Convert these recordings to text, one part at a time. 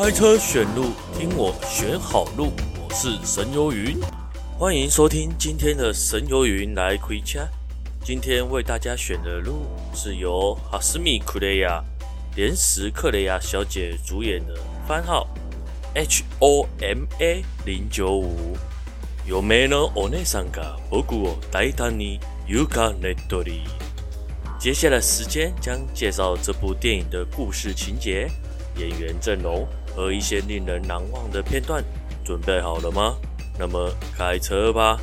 開車選路，聽我選好路。我是神游雲，歡迎收聽今天的神游雲來回家。今天為大家選的路是由哈斯米·克雷亞、蓮實·克雷亞小姐主演的番號《HOMA-095》。嫁のお義姉さんが僕を大膽に誘惑寢取り。接下來的時間將介紹這部電影的故事情節、演員陣容。和一些令人難忘的片段，準備好了嗎？那麼開車吧。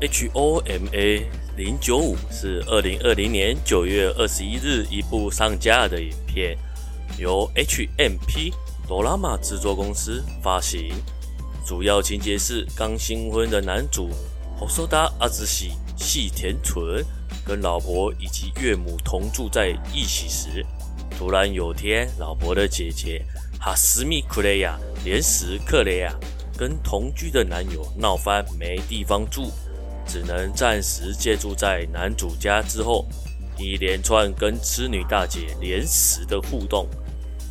HOMA 零九五是二零二零年九月二十一日一部上架的影片，由 HMP ドラマ制作公司發行。主要情節是剛新婚的男主 Hosoda Atsushi、細田純跟老婆以及岳母同住在一起時，突然有天老婆的姐姐。哈斯米克雷亞蓮實克雷亞跟同居的男友鬧翻，沒地方住，只能暫時借住在男主家。之後，一連串跟痴女大姐蓮實的互動，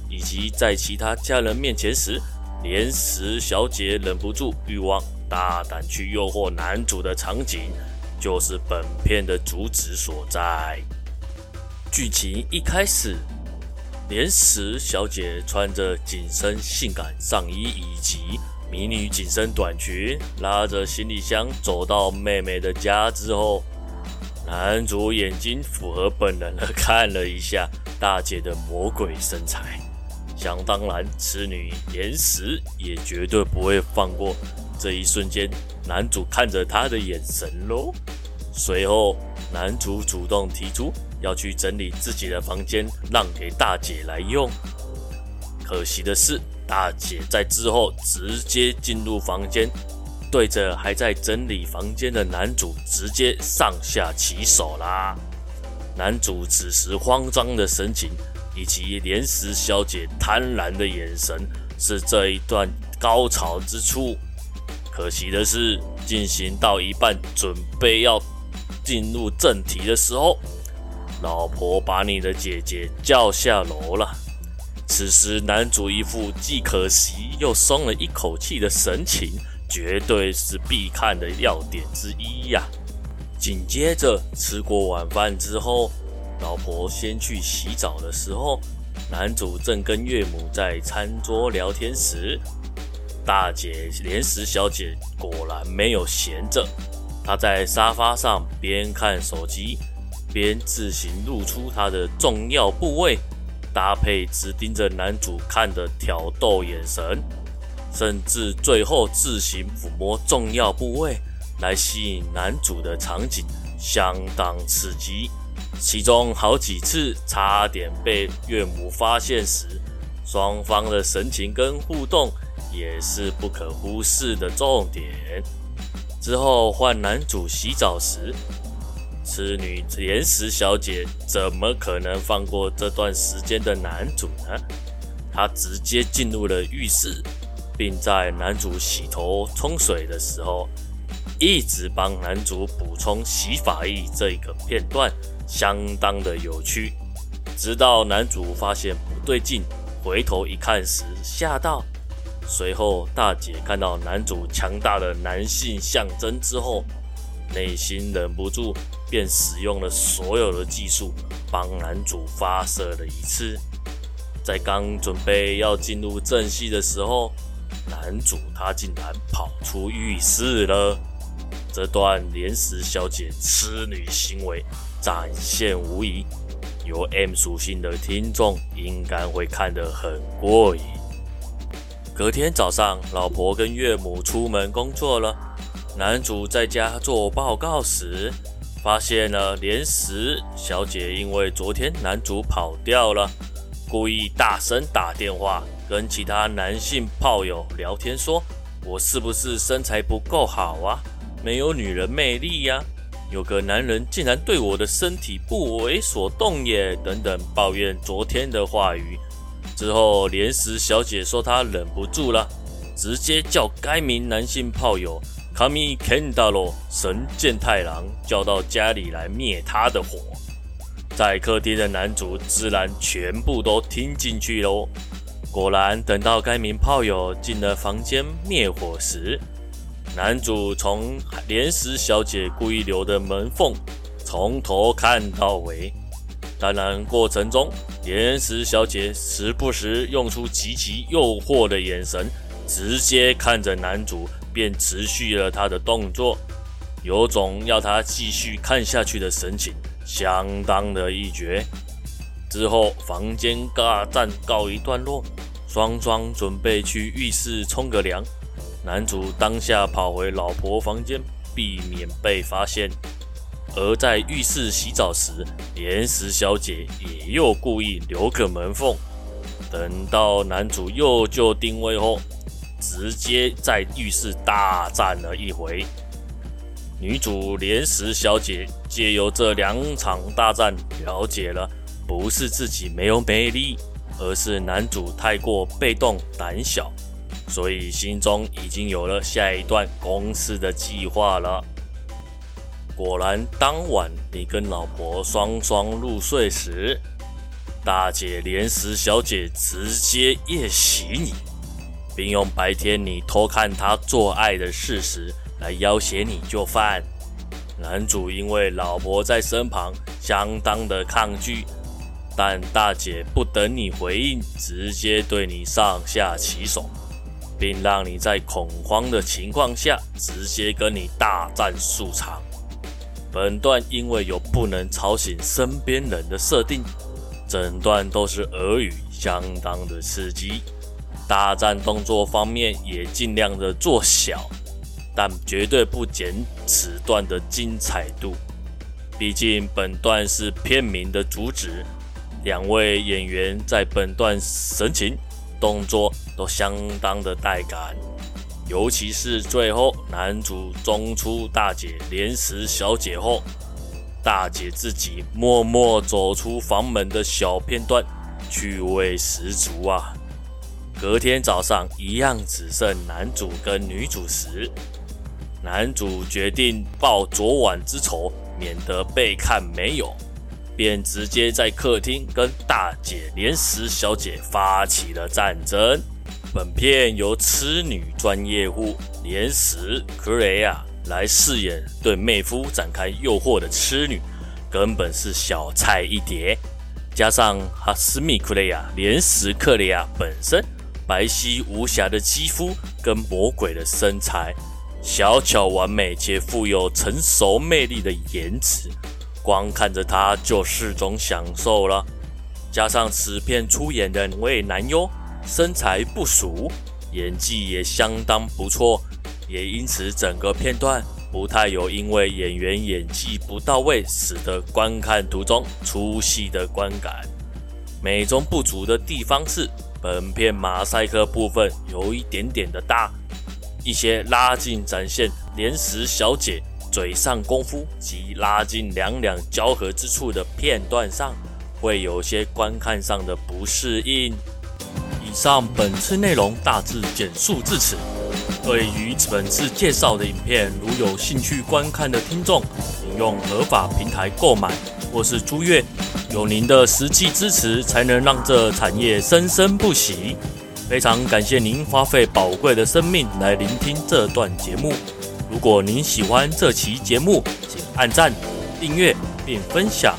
以及在其他家人面前時，蓮實小姐忍不住欲望，大膽去誘惑男主的場景，就是本片的主旨所在。劇情一開始。岩石小姐穿着緊身性感上衣以及迷你緊身短裙，拉着行李箱走到妹妹的家之後，男主眼睛符合本能的，看了一下大姐的魔鬼身材，想當然，痴女蓮實也絕對不會放過這一瞬間，男主看着她的眼神嘍，隨後男主主動提出，要去整理自己的房間，讓給大姐來用。可惜的是，大姐在之後直接進入房間，對着還在整理房間的男主直接上下其手啦。男主此時慌張的神情，以及蓮石小姐貪婪的眼神，是這一段高潮之處。可惜的是，進行到一半，準備要進入正題的時候。老婆把你的姐姐叫下樓了。此時，男主一副既可惜又鬆了一口氣的神情，絕對是必看的要點之一呀。緊接着，吃過晚飯之後，老婆先去洗澡的時候，男主正跟岳母在餐桌聊天時，大姐蓮實小姐果然沒有閒着，她在沙發上邊看手機。邊自行露出他的重要部位，搭配只盯着男主看的挑逗眼神，甚至最後自行撫摸重要部位來吸引男主的場景，相當刺激。其中好幾次差點被岳母發現時，雙方的神情跟互動也是不可忽視的重點。之後換男主洗澡時。痴女蓮實小姐怎麼可能放過這段時間的男主呢？她直接進入了浴室，並在男主洗頭沖水的時候，一直幫男主補充洗髮液。這個片段相當的有趣。直到男主發現不對勁，回頭一看時嚇到。隨後大姐看到男主強大的男性象徵之後，內心忍不住。便使用了所有的技術幫男主發射了一次。在剛準備要進入正戲的時候，男主他竟然跑出浴室了。這段蓮實小姐痴女行為展現無遺，有 M 屬性的聽眾應該會看得很過癮。隔天早上，老婆跟岳母出門工作了，男主在家做報告時。發現了蓮實小姐，因為昨天男主跑掉了，故意大聲打電話跟其他男性炮友聊天，說：“我是不是身材不夠好啊？沒有女人魅力呀、啊？有個男人竟然對我的身體不為所動耶？”等等抱怨昨天的話語之後，蓮實小姐說她忍不住了，直接叫該名男性炮友。他們看到了神劍太郎叫到家裡來滅他的火，在客廳的男主自然全部都聽進去咯。果然，等到該名炮友進了房間滅火時，男主從蓮實小姐故意留的門縫從頭看到尾。當然，過程中蓮實小姐時不時用出極其誘惑的眼神，直接看着男主。便持續了他的動作，有種要他繼續看下去的神情，相當的一絕。之後房間大戰告一段落，雙雙準備去浴室沖個涼。男主當下跑回老婆房間，避免被發現。而在浴室洗澡時，蓮實小姐也又故意留個門縫，等到男主又就定位後。直接在浴室大戰了一回，女主蓮實小姐借由這兩場大戰了解了不是自己沒有魅力，而是男主太過被動膽小，所以心中已經有了下一段攻勢的計劃了。果然，當晚你跟老婆雙雙入睡時，大姐蓮實小姐直接夜襲你。並用白天你偷看他做愛的事實來要挾你就犯，男主因為老婆在身旁，相當的抗拒，但大姐不等你回應，直接對你上下其手，並讓你在恐慌的情況下直接跟你大戰數場。本段因為有不能吵醒身邊人的設定，整段都是俄語，相當的刺激。大戰動作方面也盡量的做小，但絕對不減此段的精彩度。畢竟本段是片名的主旨，兩位演員在本段神情、動作都相當的帶感。尤其是最後男主中出大姐蓮實小姐後，大姐自己默默走出房門的小片段，趣味十足啊！隔天早上，一樣只剩男主跟女主時，男主決定報昨晚之仇，免得被看沒有，便直接在客廳跟大姐蓮實小姐發起了戰爭。本片由痴女專業戶蓮實克蕾亞來飾演，對妹夫展開誘惑的痴女，根本是小菜一碟。加上哈斯米克蕾亞蓮實克蕾亞本身。白皙無瑕的肌膚跟魔鬼的身材，小巧完美且富有成熟魅力的顏值，光看着他就是種享受了。加上此片出演的兩位男優，身材不俗，演技也相當不錯，也因此整個片段不太有因為演員演技不到位使得觀看途中出戲的觀感。美中不足的地方是。本片馬賽克部分有一點點的大，一些拉近展現蓮實小姐嘴上功夫及拉近兩兩交合之處的片段上，會有些觀看上的不適應。以上本次內容大致簡述至此。對於本次介紹的影片，如有興趣觀看的聽眾，請用合法平台購買或是租閱。有您的實際支持，才能讓這產業生生不息。非常感謝您花費寶貴的生命來聆聽這段節目。如果您喜歡這期節目，請按讚、訂閱並分享。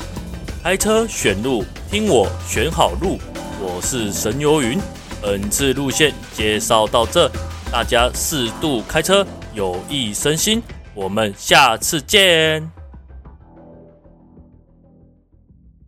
開車選路，聽我選好路。我是神游雲，本次路線介紹到這，大家適度開車，有益身心。我們下次見。